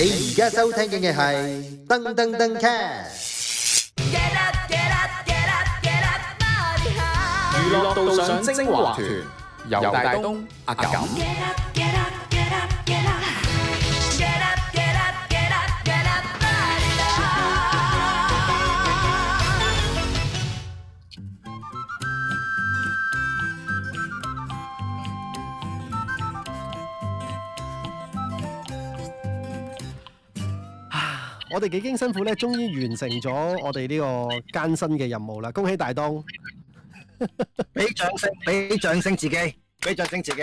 你而家收聽緊嘅係《噔噔噔 Catch》，娛樂道上精華團，由大東、阿錦。我哋幾經辛苦咧，終於完成咗我哋呢個艱辛嘅任務啦！恭喜大東，俾掌聲，俾掌聲自己，俾掌聲自己。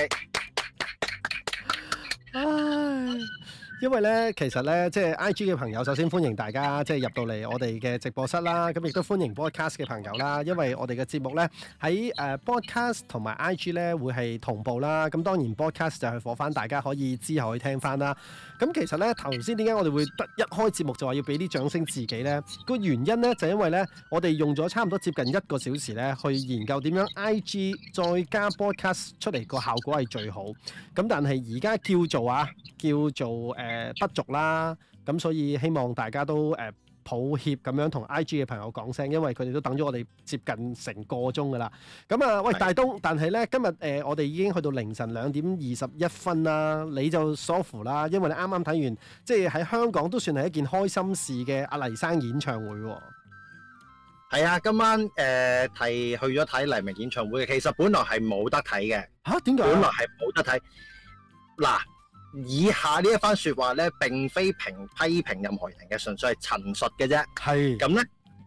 唉。因為咧，其實咧，即係 I G 嘅朋友，首先歡迎大家即係入到嚟我哋嘅直播室啦。咁亦都歡迎 Podcast 嘅朋友啦。因為我哋嘅節目咧喺誒 Podcast, uh，同埋 I G 咧會係同步啦。咁當然 Podcast 就係火翻，大家可以之後去聽翻啦。咁其實咧，頭先點解我哋會得一開節目就話要俾啲掌聲自己咧？個原因咧就因為咧，我哋用咗差唔多接近一個小時咧去研究點樣 I G 再加 Podcast 出嚟個效果係最好。咁但係而家叫做啊，叫做誒。呃誒不足啦，咁所以希望大家都誒抱歉咁樣同 I.G 嘅朋友講聲，因為佢哋都等咗我哋接近成個鐘噶啦。咁啊，喂的大東，但係呢，今日誒、呃、我哋已經去到凌晨兩點二十一分啦，你就疏乎啦，因為你啱啱睇完，即係喺香港都算係一件開心事嘅阿黎生演唱會、啊。係啊，今晚誒、呃、提去咗睇黎明演唱會其 K 本來係冇得睇嘅。嚇、啊？點解？本來係冇得睇嗱。以下呢一番説話咧，並非評批評任何人嘅，純粹係陳述嘅啫。係咁咧，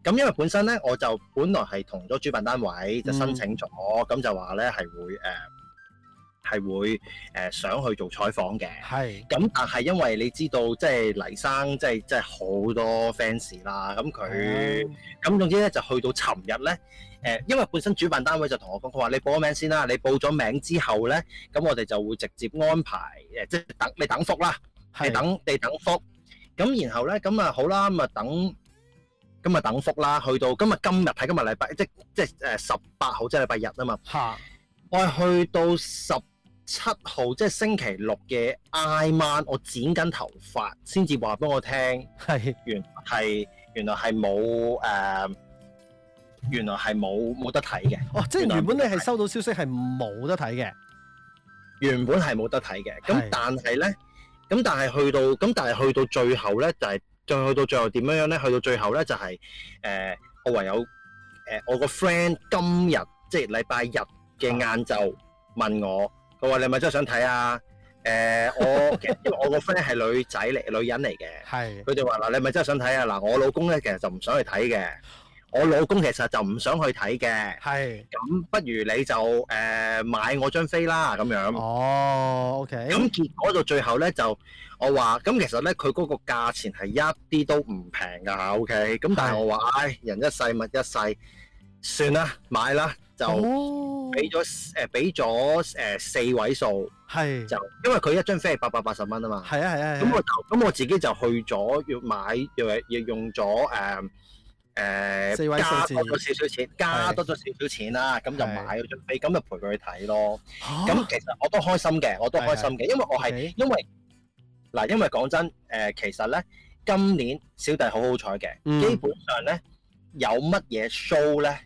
咁因為本身咧，我就本來係同咗主辦單位就申請咗，咁、嗯、就話咧係會誒係、呃、會誒、呃、想去做採訪嘅。係咁是，但係因為你知道即係黎生即係即係好多 fans 啦，咁佢咁總之咧就去到尋日咧。誒，因為本身主辦單位就同我講，佢話你報咗名先啦，你報咗名之後咧，咁我哋就會直接安排，誒，即係等你等福啦，係等地等福。咁然後咧，咁啊好啦，咁啊等，咁啊等福啦，去到今日今日喺今日禮拜，即即係誒十八號即係禮拜日啊嘛。嚇！我係去到十七號，即係星期六嘅挨晚，我剪緊頭髮先至話俾我聽，係原係原來係冇誒。原來係冇冇得睇嘅，哦！即係原，原本你係收到消息係冇得睇嘅，原本係冇得睇嘅。咁是但係咧，咁但係去到，咁但係去到最後咧，就係、是、再去到最後點樣樣咧？去到最後咧，就係、是、誒、呃，我唯有誒、呃，我個 friend 今日即係禮拜日嘅晏晝問我，佢話你係咪真係想睇啊？誒、呃，我 因為我個 friend 係女仔嚟，女人嚟嘅，係佢哋話嗱，你係咪真係想睇啊？嗱，我老公咧其實就唔想去睇嘅。我老公其實就唔想去睇嘅，係咁，不如你就誒買我張飛啦咁樣。哦，OK。咁結果到最後咧就我話，咁其實咧佢嗰個價錢係一啲都唔平㗎嚇，OK。咁但係我話，唉，人一世物一世，算啦買啦，就俾咗誒俾咗誒四位數，係就因為佢一張飛係八百八十蚊啊嘛。係啊係啊。咁我就咁我自己就去咗要買，要要用咗誒。呃、四位誒加多咗少少錢，加多咗少少錢啦，咁是就買咗張飛，咁是就陪佢去睇咯。咁、啊、其實我都開心嘅，我都開心嘅，因為我係的因為嗱的，因為講真，誒、呃，其實咧今年小弟好好彩嘅，嗯、基本上咧有乜嘢 show 咧，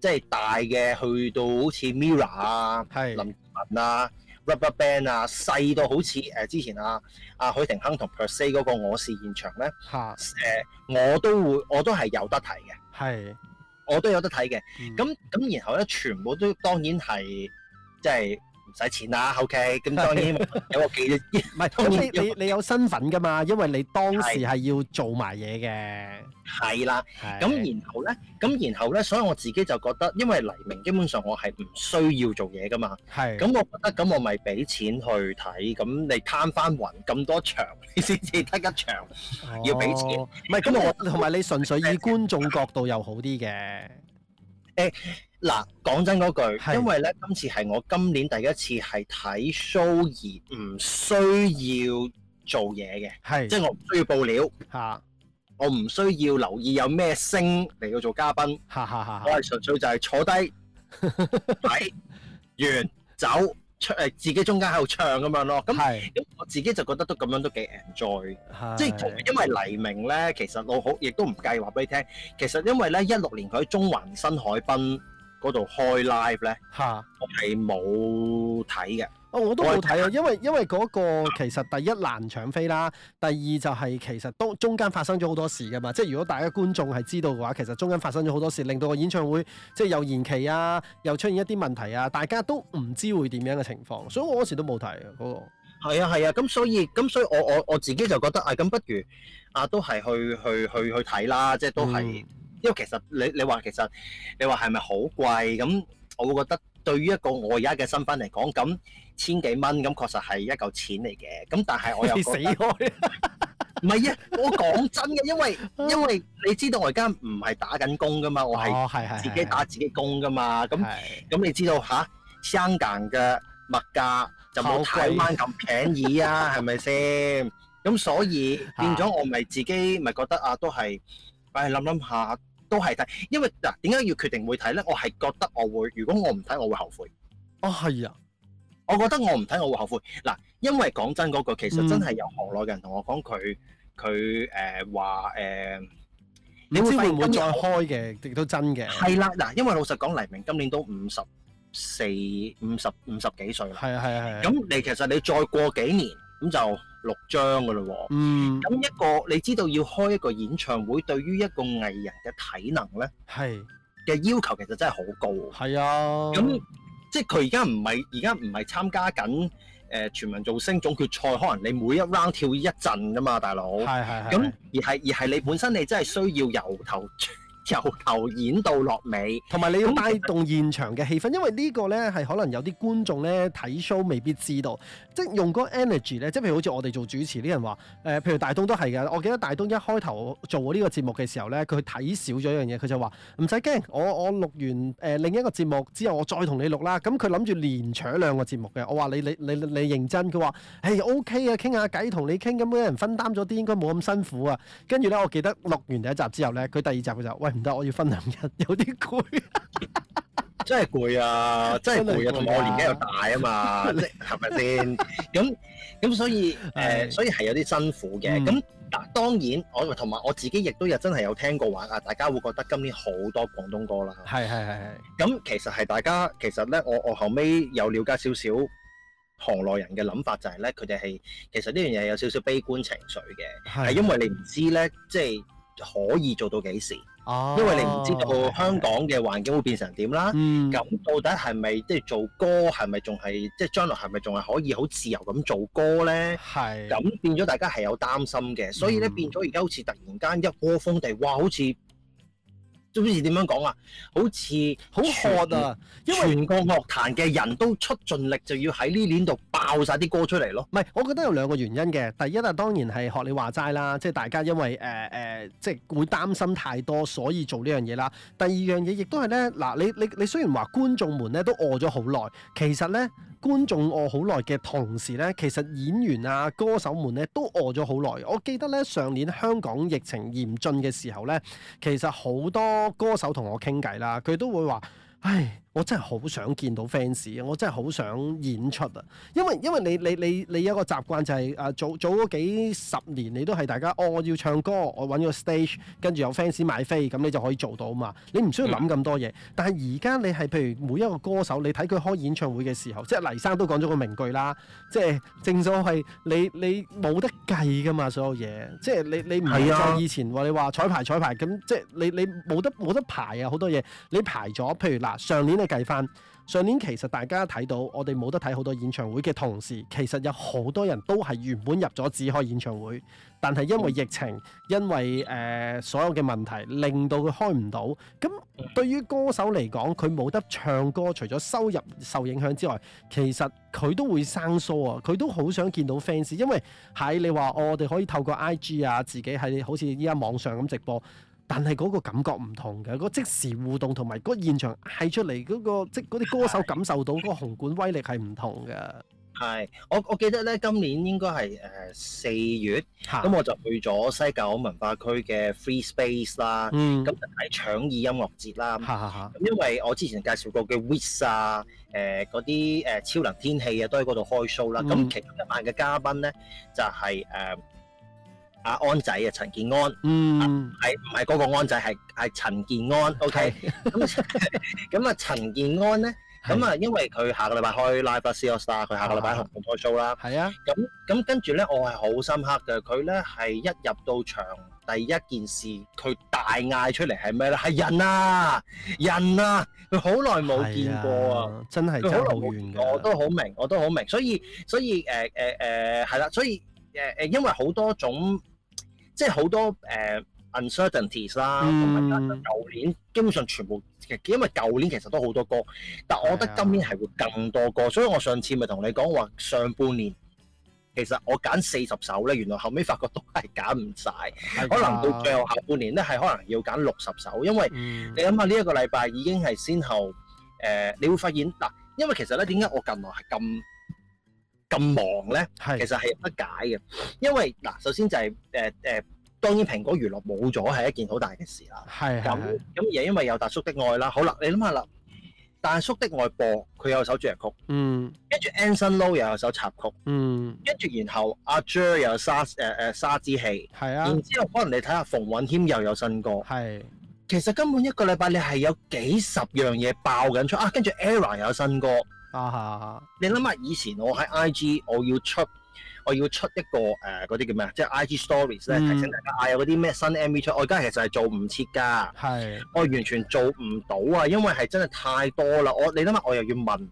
即係大嘅，去到好似 MIRROR 啊、的林志文啊。rubber band 啊，細到好似誒、呃、之前啊啊許廷鏗同 Percy 嗰個我係現場咧，誒哈、呃、我都會我都係有得睇嘅，是的 我都有得睇嘅，咁咁、嗯、然後咧全部都當然係即係。就是使錢啊，OK，咁當然有，有個記憶，唔係咁你你有身份噶嘛？因為你當時係要做埋嘢嘅。係啦，咁然後咧，咁然後咧，所以我自己就覺得，因為黎明基本上我係唔需要做嘢噶嘛。係。咁我覺得，咁我咪俾錢去睇。咁你攤翻雲咁多場，你先至得一場，要俾錢。唔係咁，我同埋你純粹以觀眾角度又好啲嘅。誒、欸。嗱，講真嗰句，因為咧是今次係我今年第一次係睇 show 而唔需要做嘢嘅，是即係我唔需要報料，哈我唔需要留意有咩星嚟到做嘉賓，哈哈哈哈我係純粹就係、是、坐低睇 完走出，誒自己中間喺度唱咁樣咯。咁咁是我自己就覺得都咁樣都幾 enjoy，即係因為黎明咧，其實我好亦都唔介意話俾你聽，其實因為咧一六年佢喺中環新海濱，嗰度開 live 咧，嚇，我係冇睇嘅。哦，我都冇睇啊，因為因為嗰個其實第一難搶飛啦，第二就係其實都中間發生咗好多事㗎嘛。即係如果大家觀眾係知道嘅話，其實中間發生咗好多事，令到個演唱會即係又延期啊，又出現一啲問題啊，大家都唔知會點樣嘅情況，所以我嗰時都冇睇嗰個。係啊，係啊，咁、啊、所以咁所以我我我自己就覺得啊，咁不如啊都係去去去去睇啦，即係都係。嗯因為其實你你話其實你話係咪好貴咁？我會覺得對於一個我而家嘅身份嚟講，咁千幾蚊咁確實係一嚿錢嚟嘅。咁但係我又死開，唔 係啊！我講真嘅，因為因為你知道我而家唔係打緊工噶嘛，我係自己打自己工噶嘛。咁咁你知道吓，香港嘅物價就冇台灣咁便宜啊，係咪先？咁所以變咗我咪自己咪覺得啊，都係唉諗諗下。都係睇，因為嗱點解要決定會睇咧？我係覺得我會，如果我唔睇，我會後悔。哦，係啊，我覺得我唔睇，我會後悔。嗱、啊，因為講真嗰、那個其實真係有行內人同我講，佢佢誒話誒，呃呃嗯、你知會唔會再開嘅？亦都真嘅。係啦，嗱、啊，因為老實講，黎明今年都五十四、五十五十幾歲啦。係啊，係啊，係咁你其實你再過幾年。咁就六張噶嘞喎，咁、嗯、一個你知道要開一個演唱會，對於一個藝人嘅體能咧，嘅是要求其實真係好高。係啊，咁即係佢而家唔係而家唔係參加緊誒、呃、全民造星總決賽，可能你每一 round 跳一陣噶嘛，大佬。係係係。咁而係而係你本身你真係需要由頭。 由頭演到落尾，同埋你要帶動現場嘅氣氛，因為呢個呢，係可能有啲觀眾呢睇 show 未必知道，即係用個 energy 呢，即譬如好似我哋做主持啲人話，誒、呃、譬如大東都係嘅，我記得大東一開頭做呢個節目嘅時候呢，佢睇少咗一樣嘢，佢就話唔使驚，我我錄完誒、呃、另一個節目之後，我再同你錄啦。咁佢諗住連搶兩個節目嘅，我話你你你你認真，佢話誒 OK 啊，傾下偈同你傾，咁啲人分擔咗啲，應該冇咁辛苦啊。跟住呢，我記得錄完第一集之後呢，佢第二集佢就喂。唔得，我要分兩日，有啲攰， 真係攰啊！真係攰啊！同、啊、我年紀又大啊嘛，係咪先？咁咁， 所以誒，呃、是所以係有啲辛苦嘅。咁嗱、嗯，當然我同埋我自己亦都有真係有聽過話啊，大家會覺得今年好多廣東歌啦。係係係係。咁其實係大家，其實咧，我我後尾有了解少少行內人嘅諗法就呢，就係咧，佢哋係其實呢樣嘢有少少悲觀情緒嘅，係因為你唔知咧，即係可以做到幾時。哦、因為你唔知道香港嘅環境會變成點啦，咁、嗯、到底係咪即係做歌係咪仲係即係將來係咪仲係可以好自由咁做歌呢？係是，咁變咗大家係有擔心嘅，所以咧、嗯、變咗而家好似突然間一窩蜂地，哇！好似～做咩點樣講啊？好似好 hot 啊！因為全個樂壇嘅人都出盡力，就要喺呢年度爆晒啲歌出嚟咯。唔係，我覺得有兩個原因嘅。第一啊，當然係學你話齋啦，即係大家因為誒誒、呃、即係會擔心太多，所以做呢樣嘢啦。第二樣嘢亦都係咧，嗱，你你你雖然話觀眾們咧都餓咗好耐，其實咧觀眾餓好耐嘅同時咧，其實演員啊、歌手們咧都餓咗好耐。我記得咧上年香港疫情嚴峻嘅時候咧，其實好多。歌手同我傾偈啦，佢都會話，唉。我真係好想見到 fans 啊！我真係好想演出啊！因為因為你你你你有個習慣就係啊，早早幾十年你都係大家哦，我要唱歌，我揾個 stage，跟住有 fans 買飛，咁你就可以做到啊嘛。你唔需要諗咁多嘢。但係而家你係譬如每一個歌手，你睇佢開演唱會嘅時候，即係黎生都講咗個名句啦，即係正所謂你你冇得計噶嘛，所有嘢即係你你唔係啊，以前話你話彩排彩排咁，即係你你冇得冇得排啊，好多嘢，你排咗，譬如嗱上年。計翻上年，其實大家睇到我哋冇得睇好多演唱會嘅同時，其實有好多人都係原本入咗紙開演唱會，但係因為疫情，因為誒、呃、所有嘅問題，令到佢開唔到。咁對於歌手嚟講，佢冇得唱歌，除咗收入受影響之外，其實佢都會生疏啊。佢都好想見到 fans，因為喺你話、哦、我哋可以透過 IG 啊，自己喺好似依家網上咁直播。但係嗰個感覺唔同嘅，嗰即時互動同埋嗰現場嗌出嚟嗰個即嗰啲歌手感受到嗰個紅館威力係唔同嘅。係，我我記得咧，今年應該係誒四月，咁我就去咗西九文化區嘅 Free Space 啦，咁就係搶耳音樂節啦。咁因為我之前介紹過嘅 Wiz 啊，誒嗰啲誒超能天氣啊，都喺嗰度開 show 啦。咁、嗯、其中一晚嘅嘉賓咧就係、係、誒。呃阿安仔啊，陳健安，嗯，係唔係嗰個安仔？係係陳健安，OK。咁咁啊，陳健安咧，咁啊，因為佢下個禮拜開 Live 啦，佢下個禮拜同同開 show 啦。係啊。咁咁跟住咧，我係好深刻嘅，佢咧係一入到場第一件事，佢大嗌出嚟係咩咧？係人啊，人啊！佢好耐冇見過啊，真係真好遠嘅。我都好明，我都好明，所以所以誒誒誒係啦，所以誒誒，因為好多種。即係好多誒 uncertainties 啦，咁、uh, 啊、嗯，舊年基本上全部其實因為舊年其實都好多歌，但我覺得今年係會更多歌，啊、所以我上次咪同你講話上半年其實我揀四十首咧，原來後尾發覺都係揀唔晒。啊、可能到最後下半年咧係可能要揀六十首，因為你諗下呢一個禮拜已經係先後誒、呃，你會發現嗱，因為其實咧點解我近來係咁？咁忙咧，其實係不解嘅，因為嗱，首先就係誒誒，當然蘋果娛樂冇咗係一件好大嘅事啦。係係咁咁嘢，而因為有大叔的愛啦。好啦，你諗下啦，大叔的愛播佢有首主題曲，嗯，跟住 Anson Lo 又有首插曲，嗯，跟住然後阿 Jer 又有沙誒誒、呃、砂之器，係啊，然後之後可能你睇下馮允謙又有新歌，係，係其實根本一個禮拜你係有幾十樣嘢爆緊出啊，跟住 Error 又有新歌。啊，uh huh。你諗下以前我喺 IG，我要出我要出一個誒嗰啲叫咩啊，即係 IG Stories 咧，嗯、提醒大家嗌有嗰啲咩新 MV 出。我而家其實係做唔切噶，是我完全做唔到啊，因為係真係太多啦。我你諗下，我又要問，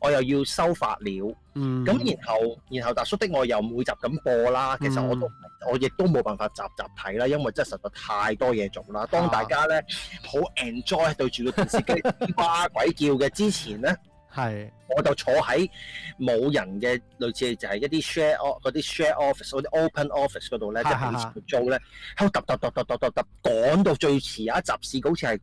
我又要收發料，咁、嗯、然後然後達叔的我又每集咁播啦。其實我都、嗯、我亦都冇辦法集集睇啦，因為真係實在太多嘢做啦。當大家咧好 enjoy 對住個電視機花鬼叫嘅之前咧。 係，我就坐喺冇人嘅，類似就係、是、一啲 share sh office、嗰啲 share office、嗰啲 open office 嗰度咧，的就開始去租咧。我揼揼揼揼揼揼揼，趕到最遲有一集試好似係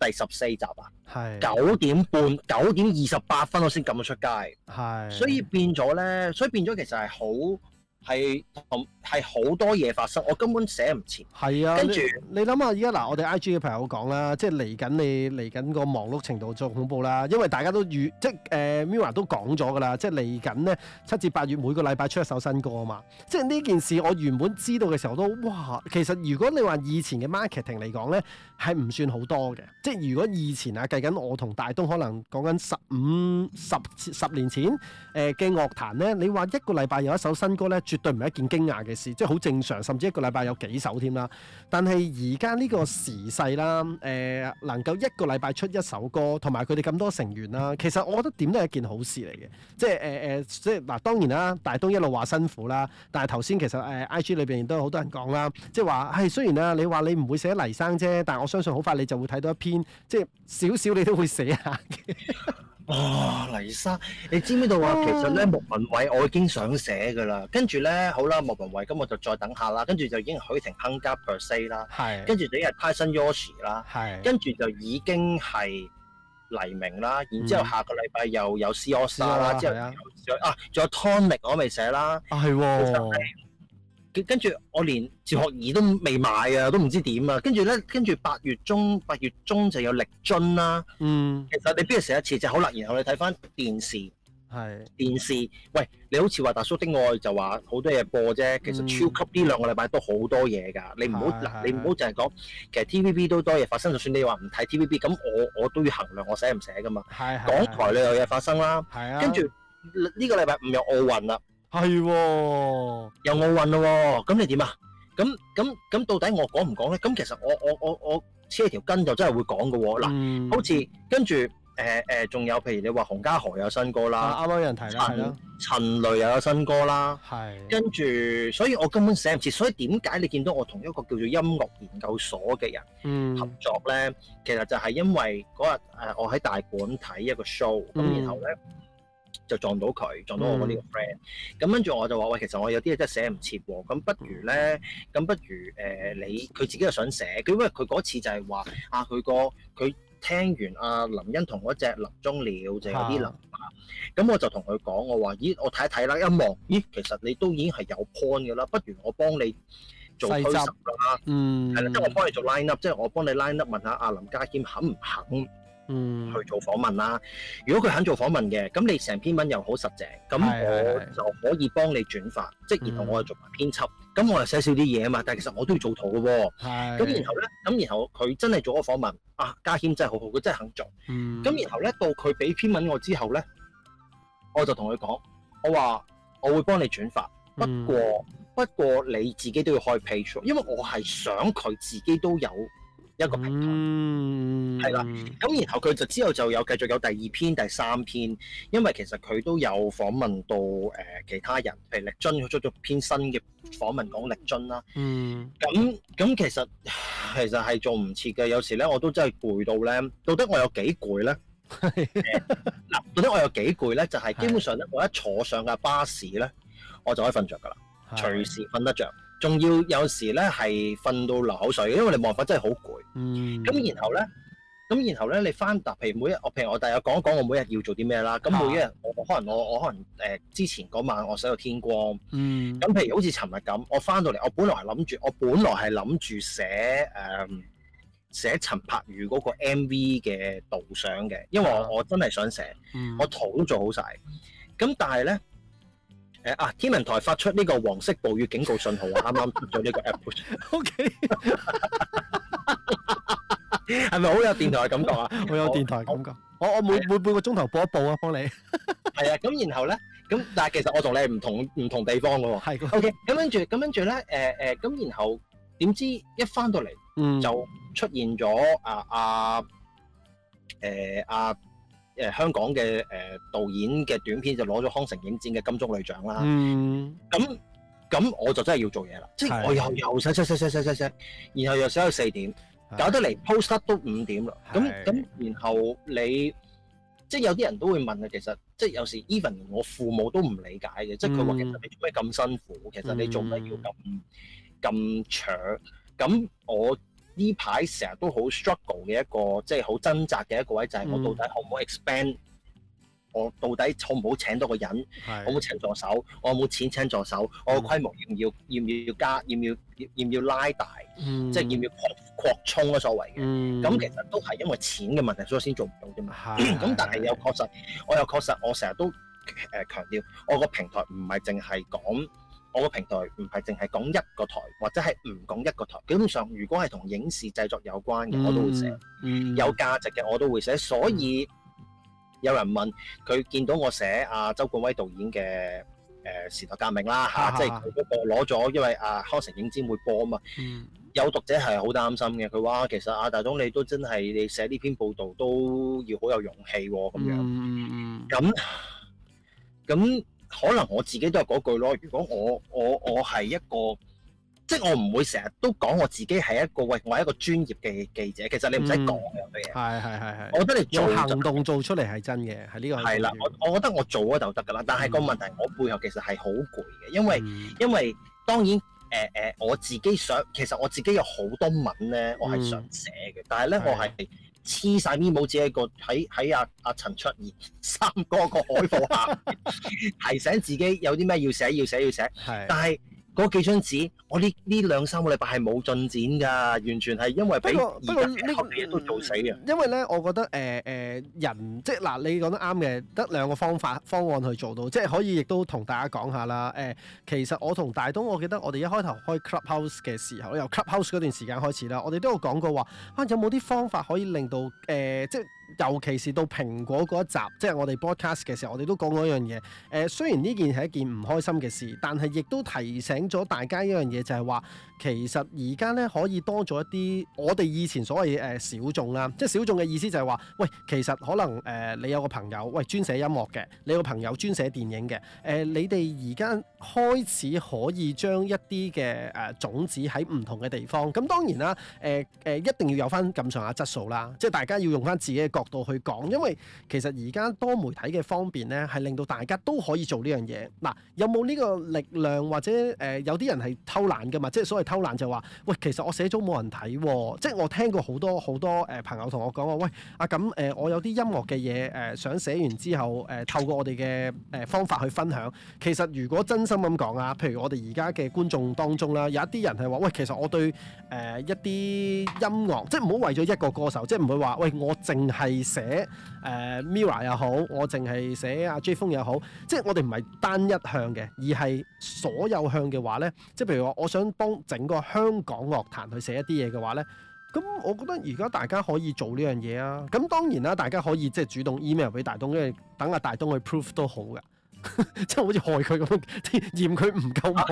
第十四集啊，九的點半、九點二十八分我先撳咗出街的，所以變咗咧，所以變咗其實係好。係同係好多嘢發生，我根本寫唔切。係啊，跟住着你諗下，依家嗱，我哋 I G 嘅朋友講啦，即係嚟緊，你嚟緊個忙碌程度就恐怖啦，因為大家都預即係誒 Mirror 都講咗噶啦，即係嚟緊呢七至八月每個禮拜出一首新歌啊嘛。即係呢件事，我原本知道嘅時候都，都哇，其實如果你話以前嘅 marketing 嚟講呢，係唔算好多嘅。即係如果以前啊，計緊我同大東可能講緊十五十十年前誒嘅樂壇呢，你話一個禮拜有一首新歌呢。絕對唔係一件驚訝嘅事，即係好正常，甚至一個禮拜有幾首添啦。但係而家呢個時勢啦，誒、呃、能夠一個禮拜出一首歌，同埋佢哋咁多成員啦，其實我覺得點都係一件好事嚟嘅，即係誒誒，即係嗱、呃、當然啦，大東一路話辛苦啦，但係頭先其實誒 I G 裏邊都有好多人講啦，即係話係雖然啊，你話你唔會寫黎生啫，但我相信好快你就會睇到一篇，即係少少你都會寫下嘅。 哇、哦！黎沙，你知唔知道啊？其實咧，莫文蔚我已經想寫噶啦。跟住咧，好啦，莫文蔚，咁我就再等下啦。跟住就已經許廷鏗加 percent 啦。係是。跟住第二日派申 Yoshi 啦。係。跟住就已經係是黎明啦。然之後下個禮拜又有 c o 莎啦。之、嗯、啊。之後啊，仲、啊、有 Tony 我未寫啦。啊，係喎、哦。跟住我連《哲學二》都未買啊，都唔知點啊。跟住咧，跟住八月中八月中就有力津啦、啊。嗯，其實你邊係寫一次就是、好啦。然後你睇翻電視，係是電視，喂，你好似話《大叔的愛》就話好多嘢播啫。其實 Chill Club 呢兩個禮拜都好多嘢㗎，你唔好嗱，你唔好淨係講。其實 T V B 都多嘢發生，就算你話唔睇 T V B，咁我我都要衡量我寫唔寫㗎嘛。係港台又有嘢發生啦。係啊。跟住呢、這個禮拜唔有奧運啦。係，哦、又奧運咯，咁你點啊？咁咁咁到底我講唔講咧？咁其實我我我我扯條筋就真係會講噶喎。嗱、嗯，好似跟住誒誒，仲、呃呃、有譬如你話洪嘉豪有新歌啦，啱啱，啊、有人睇陳陳雷又有新歌啦，係的跟住，所以我根本寫唔切。所以點解你見到我同一個叫做音樂研究所嘅人合作咧？嗯、其實就係因為嗰日誒我喺大館睇一個 show，咁然後咧。嗯就撞到佢，撞到我呢個 friend。咁跟住我就話：喂，其實我有啲嘢真係寫唔切喎。咁不如咧，咁不如誒、呃、你佢自己又想寫。佢因為佢嗰次就係話啊，佢個佢聽完阿、啊、林欣彤嗰隻林中鳥就有啲諗。咁、啊、我就同佢講：我話，咦，我睇一睇啦，嗯、一望，咦，其實你都已經係有 point 嘅啦。不如我幫你做推測啦，嗯，係啦，即係我幫你做 line up，即係我幫你 line up 問下阿林家謙肯唔肯。嗯，去做訪問啦。如果佢肯做訪問嘅，咁你成篇文又好實淨，咁我就可以幫你轉發。即係然後我又做埋編輯，咁、嗯、我又寫少啲嘢啊嘛。但係其實我都要做圖嘅喎、啊。係是。咁然後咧，咁然後佢真係做咗訪問啊，家謙真係好好，佢真係肯做。嗯。咁然後咧，到佢俾篇文我之後咧，我就同佢講，我話我會幫你轉發，不過、嗯、不過你自己都要開 page，因為我係想佢自己都有。一個平台，係啦、嗯，咁然後佢就之後就有繼續有第二篇、第三篇，因為其實佢都有訪問到誒、呃、其他人，譬如力尊，佢出咗篇新嘅訪問講力尊啦。嗯，咁咁其實其實係做唔切嘅，有時咧我都真係攰到咧，到底我有幾攰咧？嗱、 呃，到底我有幾攰咧？就係、是、基本上咧，的我一坐上架巴士咧，我就可以瞓着㗎啦，隨時瞓得着。仲要有時咧係瞓到流口水，因為你望法真係好攰。嗯，咁然後咧，咁然後咧，你翻，答。譬如每日，我譬如我大日講一講我每日要做啲咩啦。咁每一日、啊、我，可我，我可能我我可能誒之前嗰晚我寫到天光。嗯。咁譬如好似尋日咁，我翻到嚟，我本來係諗住，我本來係諗住寫誒、呃、寫陳柏宇嗰個 MV 嘅導賞嘅，因為我，、啊、我真係想寫，嗯、我圖做好晒。咁但係咧。啊！天文台發出呢個黃色暴雨警告信號啊，啱啱貼咗呢個 app。O K，係咪好有電台嘅感覺啊？好有電台感覺。我我每每半個鐘頭播一報啊，幫你。係啊，咁然後咧，咁但係其實我同你係唔同唔同地方嘅喎。係。O K，咁跟住，咁跟住咧，誒誒，咁然後點知一返到嚟，就出現咗啊啊誒啊！誒香港嘅誒、呃、導演嘅短片就攞咗康城影展嘅金棕櫚獎啦。Hmm. 嗯，咁咁、嗯、我就真係要做嘢啦，即係我又又寫寫寫寫寫寫，然後又寫到四點，對搞得嚟 post 都五點啦。咁咁對，然後你即係有啲人都會問呀，其實即係有時 even 我父母都唔理解嘅，即係佢話其實你做咩咁辛苦，其實你做咩要咁咁搶？咁我。呢排成日都好 struggle 嘅一個，即係好掙扎嘅一個位，就係、是、我到底好唔好 expand？、嗯、我到底好唔好請多個人？好唔好請助手，我冇錢請助手，我，手我個規模要唔要？要唔要要加？要唔要要唔要拉大？嗯、即係要唔要擴擴充咯？所謂嘅，咁、嗯、其實都係因為錢嘅問題，所以先做唔到啫嘛。咁的 但係又確實，我又確實，我成日都誒強調，我個平台唔係淨係講。我個平台唔係淨係講一個台，或者係唔講一個台。基本上，如果係同影視製作有關嘅，我都會寫。嗯，有價值嘅我都會寫。所以有人問佢見到我寫阿周冠威導演嘅《誒時代革命》啦嚇，即係佢嗰個攞咗，因為阿康城影展會播啊嘛。嗯，有讀者係好擔心嘅，佢話其實阿大東你都真係你寫呢篇報導都要好有勇氣喎咁樣。嗯嗯嗯，咁咁。可能我自己都係嗰句咯。如果我我我係一個，即係我唔會成日都講我自己係一個喂，我係一個專業嘅記者。其實你唔使講嘅嘢。係係係我覺得你做行動做出嚟係真嘅，係呢個。係啦的，我我覺得我做咗就得㗎喇。但係個問題，我背後其實係好攰嘅，因為、嗯、因為當然誒誒、呃呃，我自己想，其實我自己有好多文咧，我係想寫嘅，嗯、但係咧我係。黐晒面帽子一個喺喺阿阿陳卓賢三哥個,個海報下 提醒自己有啲咩要寫要寫要寫，要寫要寫 但係。嗰幾張紙，我呢呢兩三個禮拜係冇進展㗎，完全係因為俾而家啲都做死啊！因為咧，我覺得誒誒、呃呃、人，即係嗱，你講得啱嘅，得兩個方法方案去做到，即係可以亦都同大家講下啦。誒、呃，其實我同大東，我記得我哋一開頭開 clubhouse 嘅時候，由 clubhouse 嗰段時間開始啦，我哋都有講過話啊，有冇啲方法可以令到誒、呃、即係。尤其是到蘋果嗰一集，即係我哋 broadcast 嘅時候，我哋都講過一樣嘢。誒、呃，雖然呢件係一件唔開心嘅事，但係亦都提醒咗大家一樣嘢，就係、是、話。其實而家咧可以多咗一啲，我哋以前所謂誒小眾啦，即係小眾嘅意思就係話，喂，其實可能誒、呃、你有個朋友，喂專寫音樂嘅，你有個朋友專寫電影嘅，誒、呃、你哋而家開始可以將一啲嘅誒種子喺唔同嘅地方。咁當然啦，誒、呃、誒、呃、一定要有翻咁上下質素啦，即係大家要用翻自己嘅角度去講，因為其實而家多媒體嘅方便咧，係令到大家都可以做呢樣嘢。嗱，有冇呢個力量或者誒、呃、有啲人係偷懶㗎嘛？即係所謂。偷懶就話，喂，其實我寫咗冇人睇，哦，即係我聽過好多好多誒朋友同我講話，喂，啊咁誒、呃，我有啲音樂嘅嘢誒，想寫完之後誒、呃，透過我哋嘅誒方法去分享。其實如果真心咁講啊，譬如我哋而家嘅觀眾當中啦，有一啲人係話，喂，其實我對誒、呃、一啲音樂，即係唔好為咗一個歌手，即係唔會話，喂，我淨係寫誒、呃、Mirror 又好，我淨係寫阿、啊、Jay Fung 又好，即係我哋唔係單一向嘅，而係所有向嘅話咧，即係譬如話，我想幫整個香港樂壇去寫一啲嘢嘅話咧，咁我覺得而家大家可以做呢樣嘢啊！咁當然啦、啊，大家可以即係主動 email 俾大東，因為等阿大東去 proof 都好噶， 即係好似害佢咁，嫌佢唔夠忙，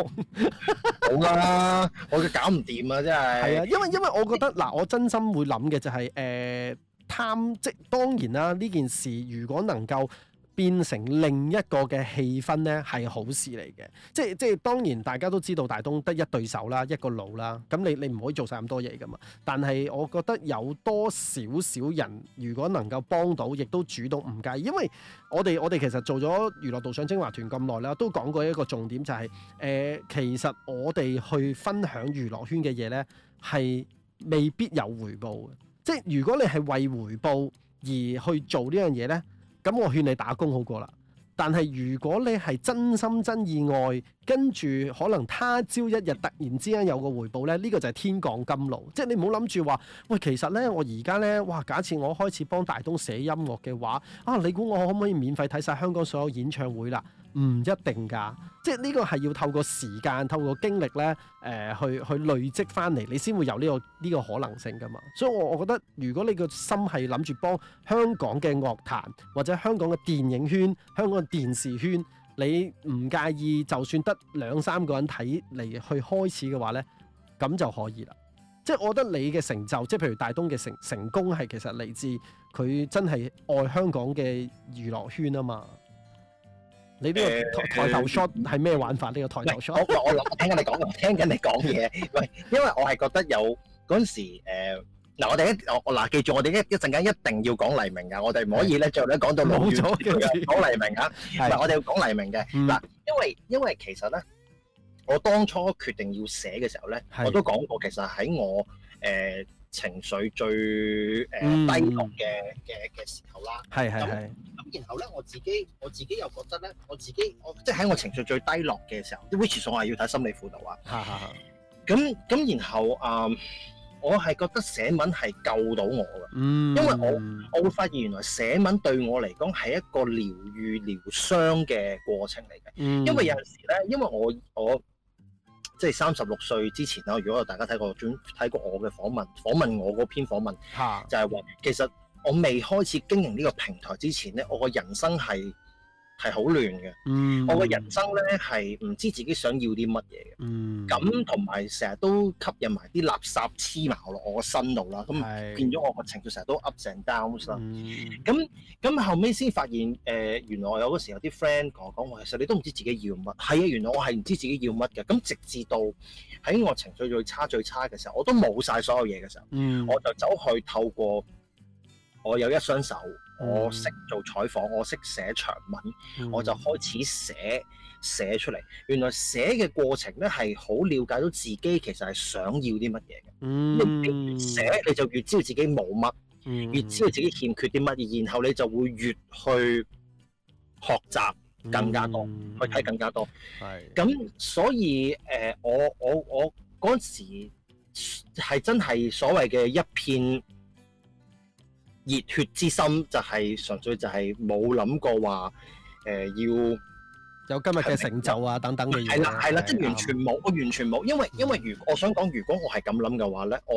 好啦， 我就搞唔掂啊！真係係啊，因為因為我覺得嗱， 我真心會諗嘅就係、是、誒、貪、呃、即當然啦、啊，呢件事如果能夠變成另一個嘅氣氛咧，係好事嚟嘅。即係即係當然，大家都知道大東得一對手啦，一個腦啦。咁你你唔可以做晒咁多嘢噶嘛？但係我覺得有多少少人，如果能夠幫到，亦都主動唔介意。因為我哋我哋其實做咗娛樂導賞精華團咁耐啦，都講過一個重點就係、是、誒、呃，其實我哋去分享娛樂圈嘅嘢咧，係未必有回報嘅。即係如果你係為回報而去做樣呢樣嘢咧。咁我勸你打工好過啦，但係如果你係真心真意愛。跟住可能他朝一日突然之間有個回報呢。呢、這個就係天降甘露。即係你唔好諗住話，喂，其實呢，我而家呢，哇！假設我開始幫大東寫音樂嘅話，啊，你估我可唔可以免費睇晒香港所有演唱會啦？唔一定㗎。即係呢個係要透過時間、透過經歷呢，誒、呃，去去累積翻嚟，你先會有呢、這個呢、這個可能性㗎嘛。所以我我覺得，如果你個心係諗住幫香港嘅樂壇或者香港嘅電影圈、香港嘅電視圈。你唔介意就算得兩三個人睇嚟去開始嘅話咧，咁就可以啦。即係我覺得你嘅成就，即係譬如大東嘅成成功係其實嚟自佢真係愛香港嘅娛樂圈啊嘛。你呢個抬、呃、頭 shot 係咩玩法？呢、呢個抬頭 shot？呃呃、我我我聽緊你講，我聽緊你講嘢。喂， 因為我係覺得有嗰陣時、呃嗱、啊，我哋一我我嗱，記住我哋一一陣間一定要講黎明噶，我哋唔可以咧最後咧講到老早冇黎明啊！嗱錯，我哋要講黎明嘅嗱 是、啊，因為因為其實咧，我當初決定要寫嘅時候咧，是 我都講過，其實喺我誒、呃、情緒最誒、呃、低落嘅嘅嘅時候啦，係系係咁然後咧，我自己我自己又覺得咧，我自己我即係喺我情緒最低落嘅時候，which so 我係要睇心理輔導啊，咁咁 然後嗯。我係覺得寫文係救到我㗎，嗯、因為我我會發現原來寫文對我嚟講係一個療愈療傷嘅過程嚟嘅，嗯、因為有陣時咧，因為我我即係三十六歲之前啦，如果大家睇過專睇過我嘅訪問，訪問我嗰篇訪問，哈就係話其實我未開始經營呢個平台之前咧，我個人生係。係好亂嘅，嗯、我嘅人生咧係唔知自己想要啲乜嘢嘅，咁同埋成日都吸引埋啲垃圾黐埋落我個身度啦，咁變咗我個情緒成日都 ups and downs 啦，咁咁後尾先發現誒、呃，原來我個時候有嗰時有啲 friend 講講話，其實你都唔知自己要乜，係啊，原來我係唔知自己要乜嘅，咁直至到喺我情緒最差最差嘅時候，我都冇晒所有嘢嘅時候，嗯、我就走去透過我有一雙手。我識做採訪，我識寫長文，我就開始寫、嗯、寫出嚟。原來寫嘅過程咧係好了解到自己其實係想要啲乜嘢嘅。嗯、你越寫你就越知道自己冇乜，嗯、越知道自己欠缺啲乜嘢，然後你就會越去學習更加多，嗯、去睇更加多。係咁、嗯，所以誒、呃，我我我嗰陣時係真係所謂嘅一片。熱血之心，就係純粹，就係冇諗過話誒要有今日嘅成就啊等等嘅嘢。係啦係啦，即係完全冇，我完全冇，因為因為如我想講，如果我係咁諗嘅話咧，我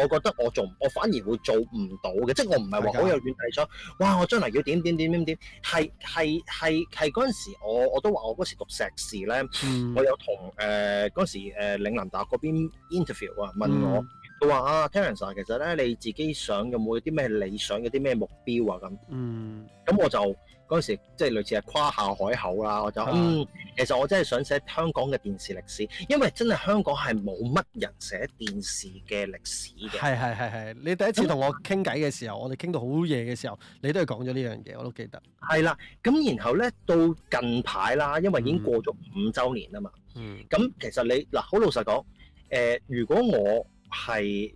我覺得我做我反而會做唔到嘅，即係我唔係話好有遠大想，哇！我將來要點點點點點，係係係係，嗰陣時，我我都話我嗰時讀碩士咧，我有同誒嗰陣時誒嶺南大學嗰邊 interview 啊，問我。佢話啊，Terence 其實咧，你自己想有冇啲咩理想，有啲咩目標啊？咁嗯，咁我就嗰陣時即係類似係誇下海口啦。我就嗯，其實我真係想寫香港嘅電視歷史，因為真係香港係冇乜人寫電視嘅歷史嘅。係係係係。你第一次同我傾偈嘅時候，我哋傾到好夜嘅時候，你都係講咗呢樣嘢，我都記得。係啦，咁然後咧，到近排啦，因為已經過咗五週年啊嘛。嗯。咁其實你嗱，好老實講，誒，如果我係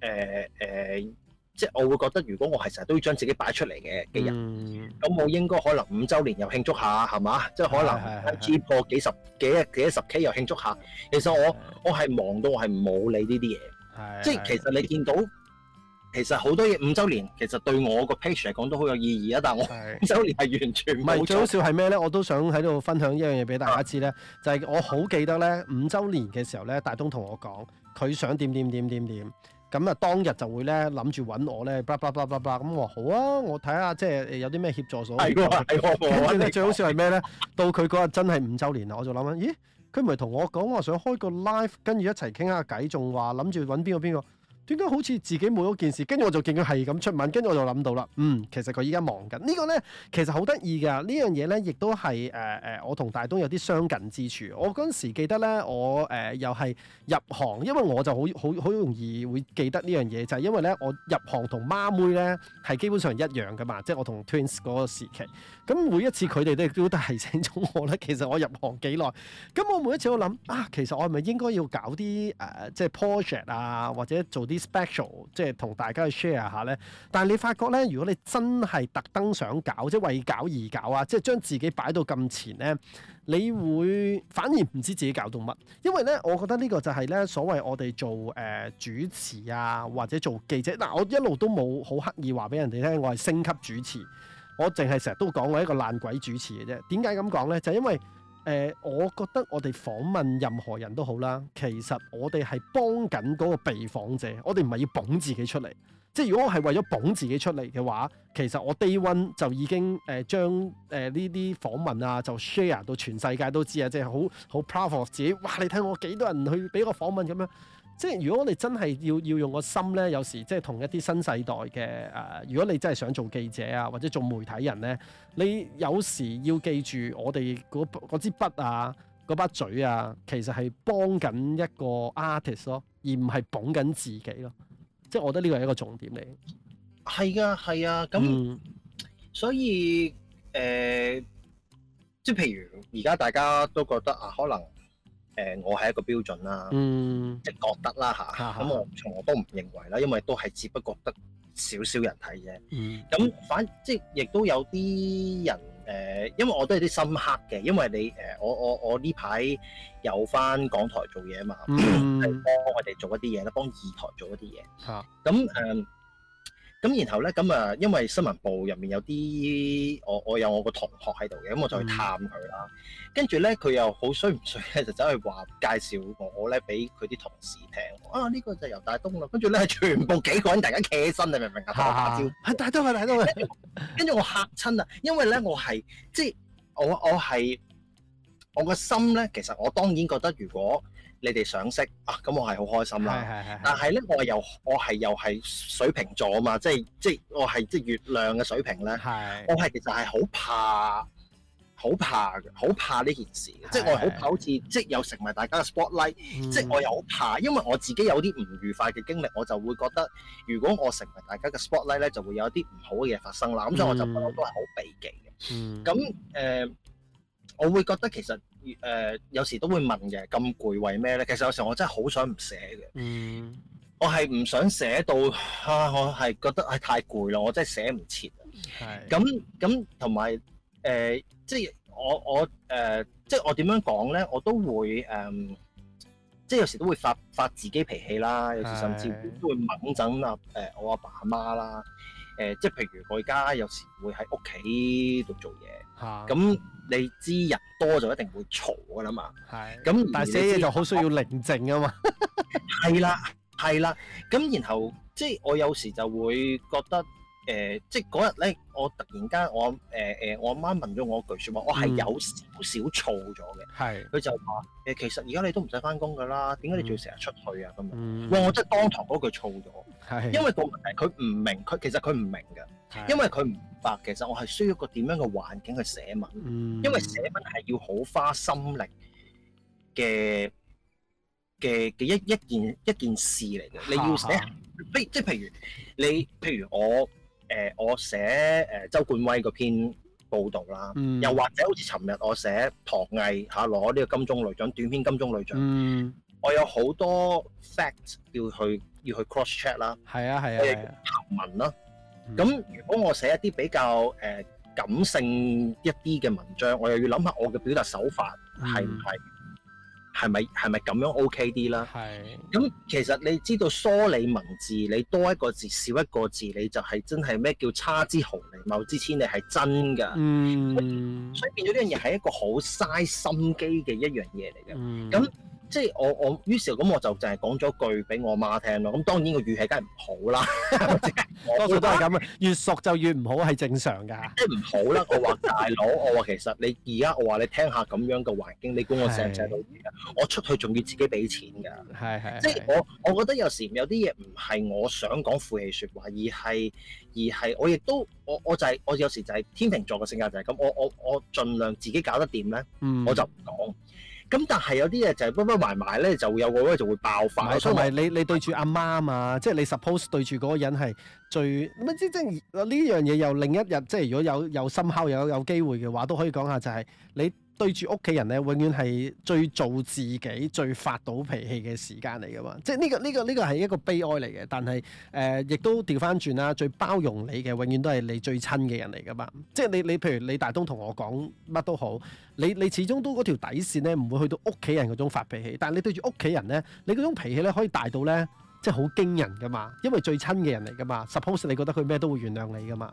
誒誒，即係我會覺得，如果我係成日都要將自己擺出嚟嘅嘅人，咁、嗯、我應該可能五週年又慶祝下，係嘛？即係可能開始破幾十幾幾十 K 又慶祝下。其實我、嗯、我係忙到我係冇理呢啲嘢，嗯、即係其實你見到。嗯 其實好多嘢，五週年其實對我個 page 嚟講都好有意義啊，但係五週年係完全唔係。最好笑係咩咧？我都想喺度分享一樣嘢俾大家知咧，啊、就係我好記得咧，五週年嘅時候咧，大東同我講佢想點點點點點咁啊，當日就會咧，諗住揾我咧，叭叭叭叭叭咁，話好啊，我睇下即係有啲咩協助，所係喎係喎。跟住你最好笑係咩咧？ 到佢嗰日真係五週年啦，我就諗緊，咦，佢唔係同我講話想開個 live 跟住一齊傾下偈，仲話諗住揾邊個邊個？點解好似自己冇一件事？跟住我就見佢係咁出文，跟住我就諗到啦。嗯，其實佢依家忙緊。這個、呢個咧其實好得意㗎。呢樣嘢咧亦都係誒誒，我同大東有啲相近之處。我嗰陣時記得咧，我誒、呃、又係入行，因為我就好好好容易會記得呢樣嘢，就係、是、因為咧我入行同孖妹咧係基本上一樣噶嘛，即係我同 Twins 嗰個時期。咁每一次佢哋都都提醒咗我咧，其實我入行幾耐，咁我每一次我諗啊，其實我係咪應該要搞啲誒、呃，即係 project 啊，或者做啲 special，即係同大家去 share 下咧？但係你發覺咧，如果你真係特登想搞，即係為搞而搞啊，即係將自己擺到咁前咧，你會反而唔知自己搞到乜，因為咧，我覺得呢個就係咧所謂我哋做誒、呃、主持啊，或者做記者，嗱我一路都冇好刻意話俾人哋聽，我係升級主持。我淨係成日都講我一個爛鬼主持嘅啫。點解咁講咧？就係、因為誒、呃，我覺得我哋訪問任何人都好啦。其實我哋係幫緊嗰個被訪者，我哋唔係要捧自己出嚟。即係如果我係為咗捧自己出嚟嘅話，其實我 Day One 就已經誒將誒呢啲訪問啊就 share 到全世界都知啊，即係好好 proud 自己。哇！你睇我幾多人去俾個訪問咁樣。即係如果我哋真係要要用個心咧，有時即係同一啲新世代嘅誒，如果你真係、呃、想做記者啊，或者做媒體人咧，你有時要記住我哋嗰支筆啊、嗰把嘴啊，其實係幫緊一個 artist 咯，而唔係捧緊自己咯。即係我覺得呢個係一個重點嚟。係噶，係啊。咁、嗯、所以誒、呃，即係譬如而家大家都覺得啊，可能。誒、呃，我係一個標準啦，即係、嗯、覺得啦嚇，咁我從來都唔認為啦，因為都係只不過得少少人睇啫。咁、嗯嗯、反即係亦都有啲人誒、呃，因為我都有啲深刻嘅，因為你誒、呃，我我我呢排有返港台做嘢啊嘛，係幫我哋做一啲嘢啦，幫二台做一啲嘢。咁誒、啊。.咁然後咧，咁啊，因為新聞部入面有啲我我有我個同學喺度嘅，咁我就去探佢啦。嗯、跟住咧，佢又好衰唔衰咧，就走去話介紹我咧俾佢啲同事聽。啊，呢、這個就係游大東啦。跟住咧，全部幾個人大家企起身，你明唔明啊？同我打招呼，啊？大東啊，大東啊！ 跟住我嚇親啊，因為咧我係即係我我係我個心咧，其實我當然覺得如果。你哋想識啊，咁我係好開心啦！是是是是但係呢，我又我係又係水瓶座啊嘛，即係即係我係即係月亮嘅水瓶呢。是我係其實係好怕、好怕嘅，好怕呢件事是是即。即係我係好怕好似即係有成為大家嘅 spotlight，、嗯、即係我又好怕，因為我自己有啲唔愉快嘅經歷，我就會覺得如果我成為大家嘅 spotlight 呢，就會有一啲唔好嘅嘢發生啦。咁所以我就我都係好避忌嘅。咁誒、嗯呃，我會覺得其實。誒、呃、有時都會問嘅，咁攰為咩咧？其實有時我真係好想唔寫嘅，嗯、我係唔想寫到嚇、啊，我係覺得係太攰咯，我真係寫唔切。係是。咁咁同埋誒，即係我我誒、呃，即係我點樣講咧？我都會誒、呃，即係有時都會發發自己脾氣啦，有時甚至是都會猛整啊誒我阿爸阿媽啦，誒、呃、即係譬如我而家有時會喺屋企度做嘢，咁、啊。你知人多就一定會嘈噶啦嘛，係的。咁但係寫嘢就好需要寧靜啊嘛。係 啦，係啦。咁然後即係我有時就會覺得誒、呃，即係嗰日咧，我突然間我誒誒、呃、我媽問咗我一句説話，說我係有少少燥咗嘅。係、嗯。佢就話誒、呃，其實而家你都唔使翻工噶啦，點解你仲要成日出去啊？咁樣。哇、嗯呃！我真係當堂嗰句燥咗。係。因為個問題佢唔明，佢其實佢唔明嘅，因為佢唔。其實我係需要一個點樣嘅環境去寫文，因為寫文係要好花心力嘅嘅嘅一一件一件事嚟嘅。你要寫，即係譬如你，譬如我誒，我寫誒周冠威嗰篇報導啦，又或者好似尋日我寫唐毅嚇攞呢個金鐘類獎短篇金鐘類獎，我有好多 fact 要去要去 cross check 啦，係啊係啊，查文啦。咁、嗯、如果我寫一啲比較誒、呃、感性一啲嘅文章，我又要諗下我嘅表達手法係唔係係咪係咪咁樣 OK 啲啦？係是。咁其實你知道梳理文字，你多一個字少一個字，你就係真係咩叫差之毫厘，謬之千里，係真㗎。嗯。所以變咗呢樣嘢係一個好嘥心機嘅一樣嘢嚟嘅。咁、嗯。即係我我於是咁我就淨係講咗句俾我媽聽咯，咁當然個語氣梗係唔好啦，多數都係咁啊， 越熟就越唔好係正常㗎，即係唔好啦。我話大佬，我話其實你而家我話你聽下咁樣嘅環境，你估我寫唔寫到字呀？是我出去仲要自己俾錢㗎，係係。即係我我覺得有時有啲嘢唔係我想講負氣説話，而係而係我亦都我我就係、是、我有時就係天秤座嘅性格就係、是、咁，我我我盡量自己搞得掂咧，我就唔講。嗯。咁但係有啲嘢就係屈屈埋埋咧， 就會有個咧就會爆發。唔係你你對住阿媽啊嘛，即係你 suppose 對住嗰個人係最乜即即呢樣嘢又另一日即係如果有有深敲又有機會嘅話，都可以講下就係你。對住屋企人咧，永遠係最做自己、最發到脾氣嘅時間嚟噶嘛。即係呢個呢個呢個係一個悲哀嚟嘅。但係誒、呃，亦都調翻轉啦，最包容你嘅，永遠都係你最親嘅人嚟噶嘛。即係你你譬如你大東同我講乜都好，你你始終都嗰條底線咧，唔會去到屋企人嗰種發脾氣。但係你對住屋企人咧，你嗰種脾氣咧可以大到咧，即係好驚人噶嘛。因為最親嘅人嚟噶嘛，suppose 你覺得佢咩都會原諒你噶嘛。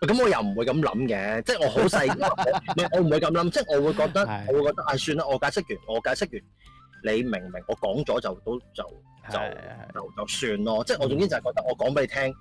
咁我又唔會咁諗嘅，即係我好細， 我我唔會咁諗，即係我會覺得我會覺得，唉是的、啊，算啦，我解釋完，我解釋完，你明唔明我？我講咗就都就就就就算咯。即係我總之就係覺得我講俾你聽，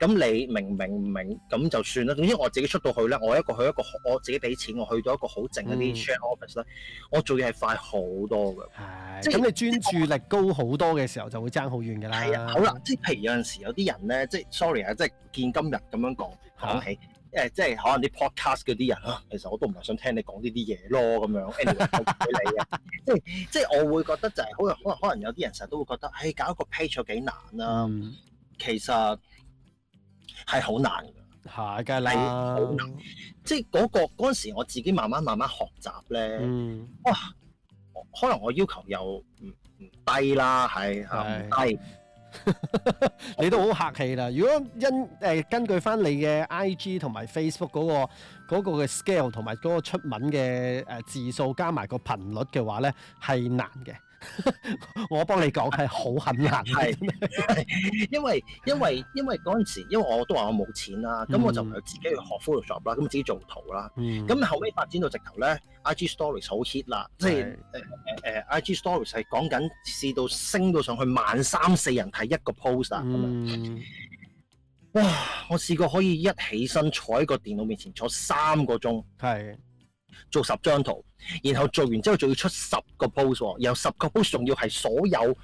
咁、嗯、你明唔明唔明咁就算啦。總之我自己出到去咧，我一個去一個，我自己俾錢我去到一個好靜嗰啲 share office 咧，嗯、我做嘢係快好多嘅，的即係咁你專注力高好多嘅時候就會爭好遠㗎啦。係啊，好啦，即係譬如有陣時有啲人咧，即係 sorry 啊，即係見今日咁樣講。講起誒，即係可能啲 podcast 嗰啲人咯、啊，其實我都唔係想聽你講呢啲嘢咯，咁樣 anyway，唔理啊，即係即係我會覺得就係、是、可能可能可能有啲人成日都會覺得，誒、欸、搞一個 page 幾難啦，其實係好難㗎，係㗎，係好難，即係、那、嗰個嗰陣時我自己慢慢慢慢學習咧，哇、嗯啊，可能我要求又唔低啦，係係。 你都好客氣啦。如果因誒、呃、根據翻你嘅 I G 同埋 Facebook 嗰、嗰個嘅、嗰個、scale 同埋嗰個出文嘅誒、呃、字數加埋個頻率嘅話咧，係難嘅。 我幫你講係好狠人，係是 因為因為因為嗰陣時，因為我都話我冇錢啦、啊、咁、嗯、我就唔係自己去學 Photoshop 啦，咁自己做圖啦。咁、嗯、後尾發展到直頭咧，IG Stories 好 hit 啦，即係誒誒 IG Stories 係講緊試到升到上去萬三四人睇一個 post 啊，咁啊、嗯，哇！我試過可以一起身坐喺個電腦面前坐三個鐘，係。做十張圖，然後做完之後仲要出十個 post 喎，然後十個 post 仲要係所有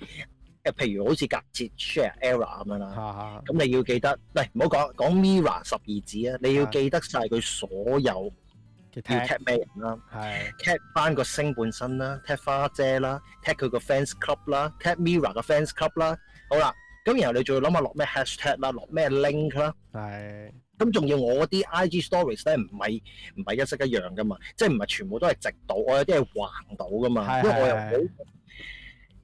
誒，譬如好似隔節 share error 咁樣啦，咁你要記得，唔好講講 MIRROR 十二子啊，你要記得曬佢所有要 tag 咩人啦，tag 返個星本身啦，tag 花姐啦，tag 佢個 fans club 啦，tag MIRROR 個 fans club 啦，好啦，咁然後你仲要諗下落咩 hashtag 啦，落咩 link 啦。咁仲要我啲 IG Stories 咧，唔係唔係一式一樣噶嘛，即係唔係全部都係直到，我有啲係橫到噶嘛， 因為我又好。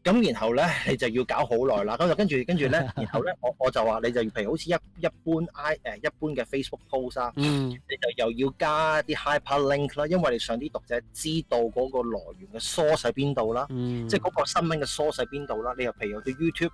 咁然後咧，你就要搞好耐啦。咁就跟住跟住咧，然後咧，我我就話你就譬如好似一一般 I 誒一般嘅 Facebook post 啊，你就又要加啲 hyper link 啦，因為你想啲讀者知道個來源嘅 source 喺邊度啦，即係個新聞嘅 source 喺邊度啦。你又譬如有啲 YouTube，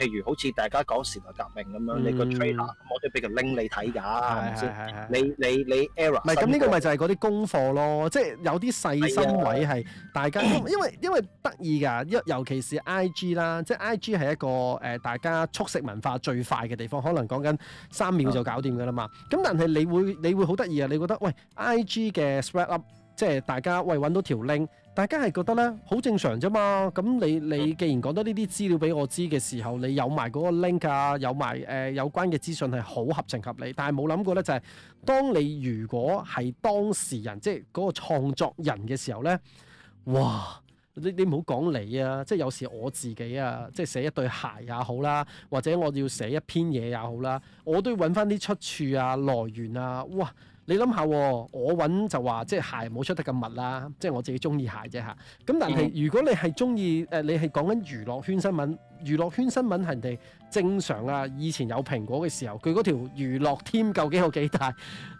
譬如好似大家講時代革命咁樣，你個 trailer，我都畀個 link 你睇㗎，係咪先？你你你 error 唔係咁呢個咪就係啲功課咯，即係有啲細心位係大家，因為因為得意㗎，一尤其。I G 啦，即、就、係、是、I G 係一個誒、呃，大家速食文化最快嘅地方，可能講緊三秒就搞掂㗎啦嘛。咁、啊、但係你會你會好得意啊！你覺得喂 I G 嘅 spread up，即係大家喂搵到條 link，大家係覺得咧好正常啫嘛。咁你你既然講得呢啲資料俾我知嘅時候，你有埋嗰個 link 啊，有埋誒、呃、有關嘅資訊係好合情合理，但係冇諗過咧就係、是，當你如果係當事人，即係嗰個創作人嘅時候咧，哇！你你唔好講你啊！即係有時我自己啊，即係寫一對鞋也好啦，或者我要寫一篇嘢也好啦，我都要揾翻啲出處啊，來源啊。哇！你諗下、啊，我揾就話即係鞋冇出得咁密啦，即係、啊、我自己中意鞋啫嚇。咁但係如果你係中意誒，你係講緊娛樂圈新聞，娛樂圈新聞係人哋。正常啊！以前有蘋果嘅時候，佢嗰條娛樂 team，究竟有幾大？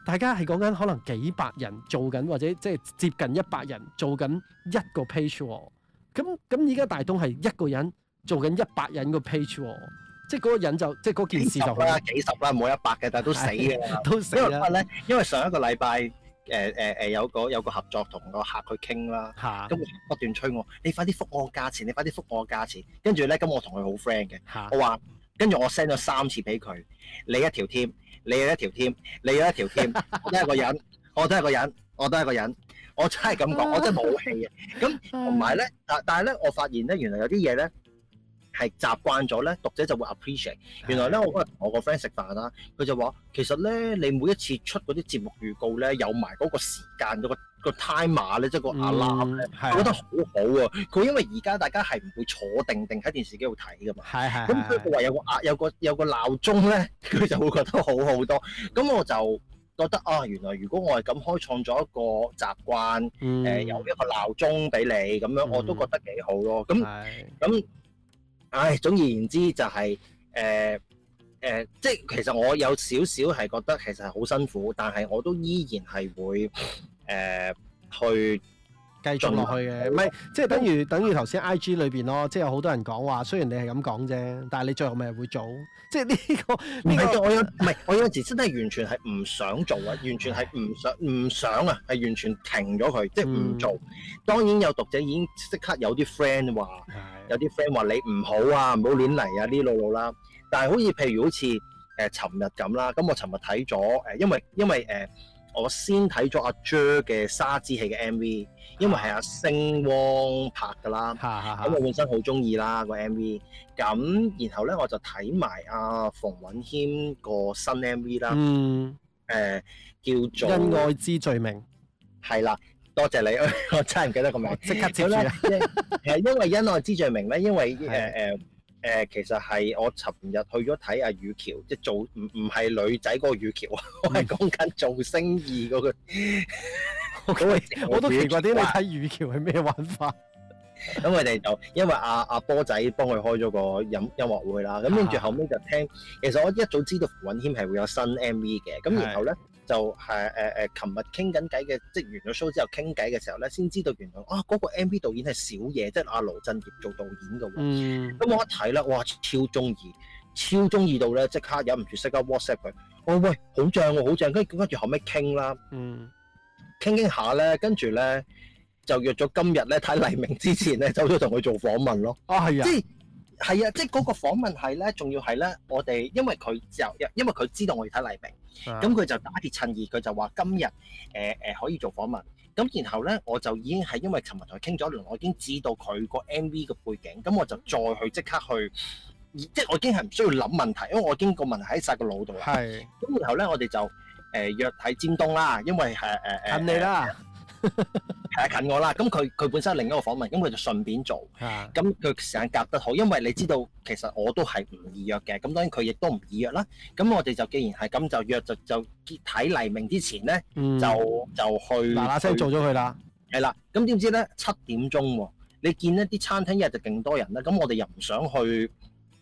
大家係講緊可能幾百人做緊，或者即係接近一百人做緊一個 page。咁、嗯、咁，而、嗯、家大東係一個人做緊一百人個 page，即係嗰個人就即係嗰件事就啦、啊，幾十啦、啊、冇一百嘅，但係都死嘅、啊，都死 因為咧？因為上一個禮拜誒誒誒有個有個合作同個客去傾啦，咁不斷催我，你快啲覆我個價錢，你快啲覆我個價錢。呢跟住咧，咁我同佢好 friend 嘅，我話。跟住我 send 咗三次俾佢，你一條添，你有一條添，你有一條添， 我都係個人，我都係個人，我都係個人，我真係咁講， 我真係冇氣啊！咁同埋咧，但但係咧，我發現咧，原來有啲嘢咧。係習慣咗咧，讀者就會 appreciate。原來咧，我嗰日同我個 friend 食飯啦，佢就話：其實咧，你每一次出嗰啲節目預告咧，有埋嗰個時間，嗰、嗰個、嗰個 timer 咧，即係個 alarm 咧，覺得好好啊！佢因為而家大家係唔會坐定定喺電視機度睇噶嘛，係係咁，佢話有個額有個有個鬧鐘咧，佢就會覺得好好多。咁我就覺得啊，原來如果我係咁開創咗一個習慣，誒、嗯呃，有一個鬧鐘俾你咁樣，我都覺得幾好咯、啊。咁咁。的唉、哎，總而言之就係、是，誒、呃、誒、呃，即其實我有少少係覺得其實好辛苦，但係我都依然係會誒、呃、去。繼續落去嘅，唔係是即係等於我等於頭先 I G 裏邊咯，即係有好多人講話，雖然你係咁講啫，但係你最後咪會做，即係、呢個、呢個。唔係我有，唔係我有時真係完全係唔想做啊，完全係唔想唔想啊，係完全停咗佢，即係唔做。嗯、當然有讀者已經即刻有啲 friend 話，的有啲 friend 話你唔好啊，唔好亂嚟啊呢路路啦。但係好似譬如好似誒尋日咁啦，咁我尋日睇咗誒，因為因為誒。我先睇咗阿 j u e 嘅沙之戲嘅 MV，因為係阿星汪拍噶啦，咁我本身好中意啦個 MV。咁然後咧，我就睇埋阿馮允謙個新 MV 啦、嗯，誒、呃、叫做《因愛之罪名》。係啦，多謝你，我真係唔記得個名，即刻記住啦。 因為《因愛之罪名》咧，因為誒誒。誒、呃，其實係我尋日去咗睇阿雨橋，即係做唔唔係女仔嗰個雨橋啊，我係講緊做生意嗰個。我我都奇怪啲， 你睇雨橋係咩玩法？ 咁佢哋就因為阿阿波仔幫佢開咗個音音樂會啦，咁跟住後尾就聽。其實我一早知道允謙係會有新 M V 嘅，咁的然後咧就係誒誒，琴、呃、日傾緊偈嘅，即係完咗 show 之後傾偈嘅時候咧，先知道原來啊嗰、那個 M V 導演係小嘢，即、就、係、是、阿盧振業做導演嘅喎。咁我、嗯、一睇咧，哇超中意，超中意到咧，即刻忍唔住識咗 WhatsApp 佢。我、哦、喂，好正喎，好正、哦，跟住跟住後尾傾啦，傾傾下咧，跟住咧。就約咗今日咧睇黎明之前咧，走咗同佢做訪問咯。啊係啊，啊，即係係啊，即係嗰個訪問係咧，仲要係咧，我哋因為佢就，因為佢知道我要睇黎明，咁佢、啊、就打鐵趁熱，佢就話今日誒誒可以做訪問。咁然後咧，我就已經係因為尋日同佢傾咗一輪，我已經知道佢個 M V 嘅背景，咁我就再去即刻去，即係我已經係唔需要諗問題，因為我已經個問題喺晒個腦度啦。係咁是，然後咧我哋就誒、呃、約喺尖東啦，因為誒誒誒。呃、你啦。 係、啊、近我啦。咁佢佢本身係另一個訪問，咁佢就順便做。咁佢、啊、時間夾得好，因為你知道其實我都係唔易約嘅，咁當然佢亦都唔易約啦。咁我哋就既然係咁，就約就就結睇黎明之前咧、嗯，就就去嗱嗱聲做咗佢啦。係啦。咁點知咧，七點鐘喎、哦，你見一啲餐廳日就勁多人啦。咁我哋又唔想去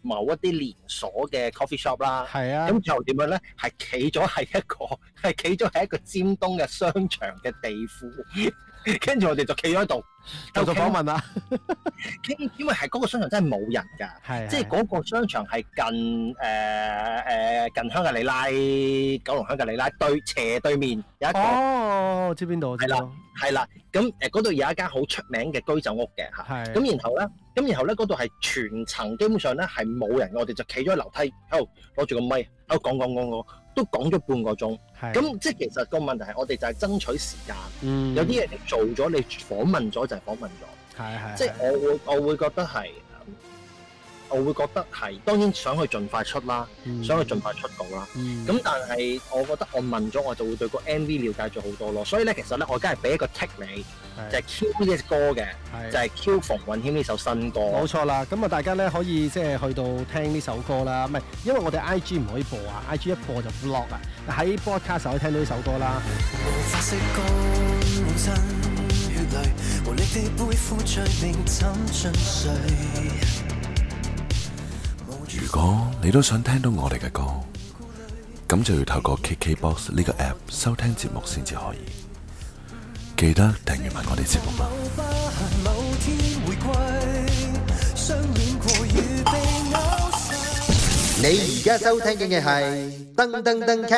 某一啲連鎖嘅 coffee shop 啦。係啊。咁又點樣咧？係企咗係一個係企咗喺一個尖東嘅商場嘅地庫。 跟住我哋就企咗喺度，繼續訪問啦。傾，因為係嗰個商場真係冇人㗎，即係嗰個商場係近誒誒近香格里拉、九龍香格里拉對斜對面有一間。哦，知邊度？係啦，係啦。咁誒，嗰度有一間好出名嘅居酒屋嘅嚇。係。咁然後咧。咁然後咧，嗰度係全層，基本上咧係冇人。我哋就企咗喺樓梯喺度攞住個咪，喺度講講講講，都講咗半個鐘。咁是即係其實個問題係，我哋就係爭取時間。嗯、有啲嘢你做咗，你訪問咗就係、是、訪問咗。係係，即係我會我會覺得係。我會覺得係，當然想去盡快出啦，想去盡快出道啦。咁但係，我覺得我問咗，我就會對個 M V 瞭解咗好多咯。所以咧，其實咧，我今日俾一個 take 你，就係 Q 呢首歌嘅，就係 Q 馮允謙呢首新歌。冇錯啦，咁啊大家咧可以即係去到聽呢首歌啦。唔係，因為我哋 I G 唔可以播啊，I G 一播就 block 啦。喺 Podcast 可以聽到呢首歌啦。如果你都想聽到我哋嘅歌，咁就要透過 KKBOX 呢個 App a, 收聽節目先至可以。記得訂閱埋我哋節目啊！你而家收聽嘅係登登登卡